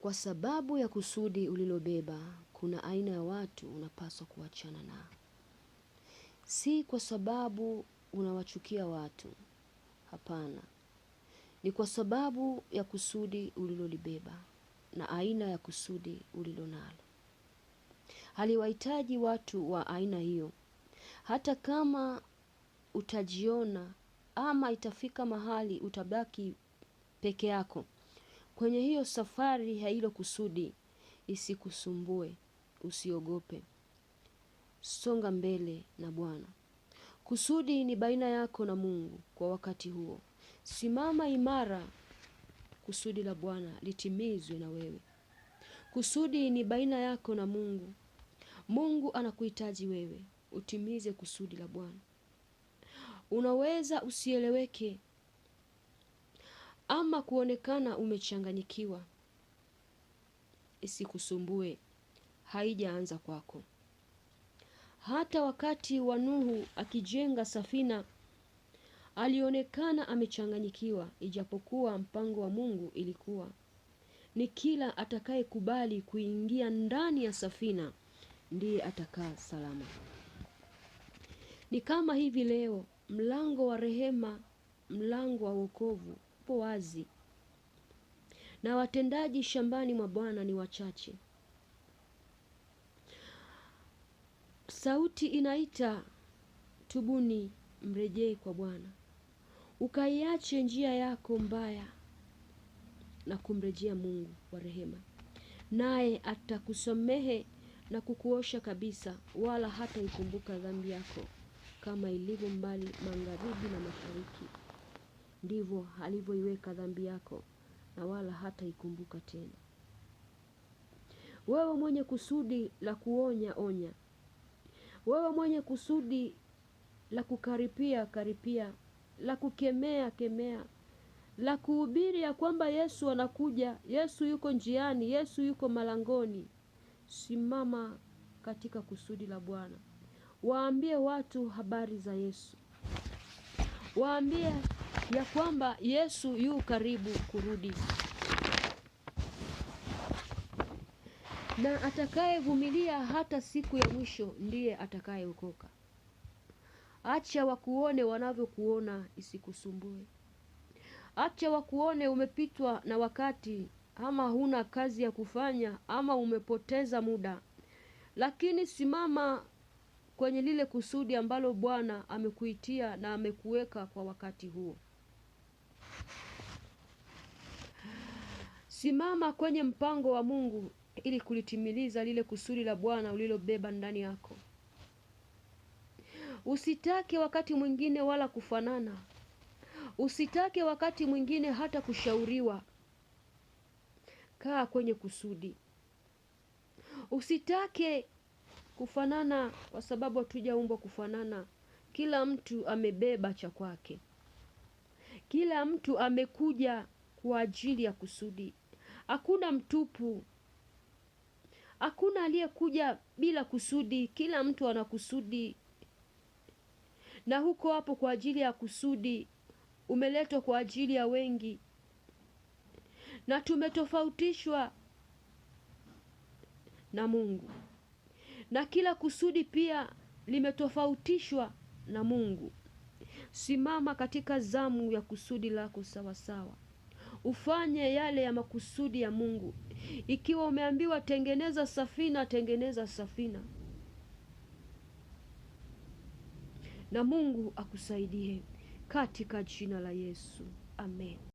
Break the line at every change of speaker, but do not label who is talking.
Kwa sababu ya kusudi ulilobeba, kuna aina ya watu unapaswa kuachana na Si kwa sababu unawachukia watu, hapana. Ni kwa sababu ya kusudi ulilolibeba na aina ya kusudi ulilonalo. Haliwahitaji watu wa aina hiyo. Hata kama utajiona ama itafika mahali utabaki peke yako. Kwenye hiyo safari hilo kusudi isikusumbue, usiogope. Songa mbele na Bwana. Kusudi ni baina yako na Mungu kwa wakati huo. Simama imara, kusudi la Bwana litimizwe na wewe. Kusudi ni baina yako na Mungu. Mungu anakuhitaji wewe utimize kusudi la Bwana. Unaweza usieleweke, ama kuonekana umechanganyikiwa isikusumbue haijaanza kwako hata wakati wa Nuhu akijenga safina alionekana amechanganyikiwa ijapokuwa mpango wa Mungu ilikuwa ni kila atakayekubali kuingia ndani ya safina ndiye atakaa salama. Ni kama hivi leo mlango wa rehema, mlango wa wokovu upo wazi na watendaji shambani mwa Bwana ni wachache. Sauti inaita, tubuni, mrejee kwa Bwana, ukaiache njia yako mbaya na kumrejea Mungu wa rehema, naye atakusamehe na kukuosha kabisa, wala hataikumbuka dhambi yako kama ilivyo mbali magharibi na mashariki ndivyo alivyoiweka dhambi yako na wala hata ikumbuka tena. Wewe mwenye kusudi la kuonya onya, wewe mwenye kusudi la kukaripia karipia, la kukemea kemea, la kuhubiri ya kwamba Yesu anakuja, Yesu yuko njiani, Yesu yuko malangoni. Simama katika kusudi la Bwana, waambie watu habari za Yesu, waambie ya kwamba Yesu yu karibu kurudi. Na atakayevumilia hata siku ya mwisho ndiye atakayeokoka. Acha wakuone wanavyokuona, isikusumbue. Acha wakuone umepitwa na wakati, ama huna kazi ya kufanya, ama umepoteza muda, lakini simama kwenye lile kusudi ambalo Bwana amekuitia na amekuweka kwa wakati huo. Simama kwenye mpango wa Mungu ili kulitimiliza lile kusudi la Bwana ulilobeba ndani yako. Usitake wakati mwingine wala kufanana. Usitake wakati mwingine hata kushauriwa. Kaa kwenye kusudi. Usitake kufanana kwa sababu hatujaumbwa kufanana. Kila mtu amebeba cha kwake. Kila mtu amekuja kwa ajili ya kusudi. Hakuna mtupu. Hakuna aliyekuja bila kusudi, kila mtu ana kusudi. Na huko hapo kwa ajili ya kusudi, umeletwa kwa ajili ya wengi. Na tumetofautishwa na Mungu. Na kila kusudi pia limetofautishwa na Mungu. Simama katika zamu ya kusudi lako sawasawa ufanye yale ya makusudi ya Mungu. Ikiwa umeambiwa tengeneza safina, tengeneza safina, na Mungu akusaidie katika jina la Yesu, amen.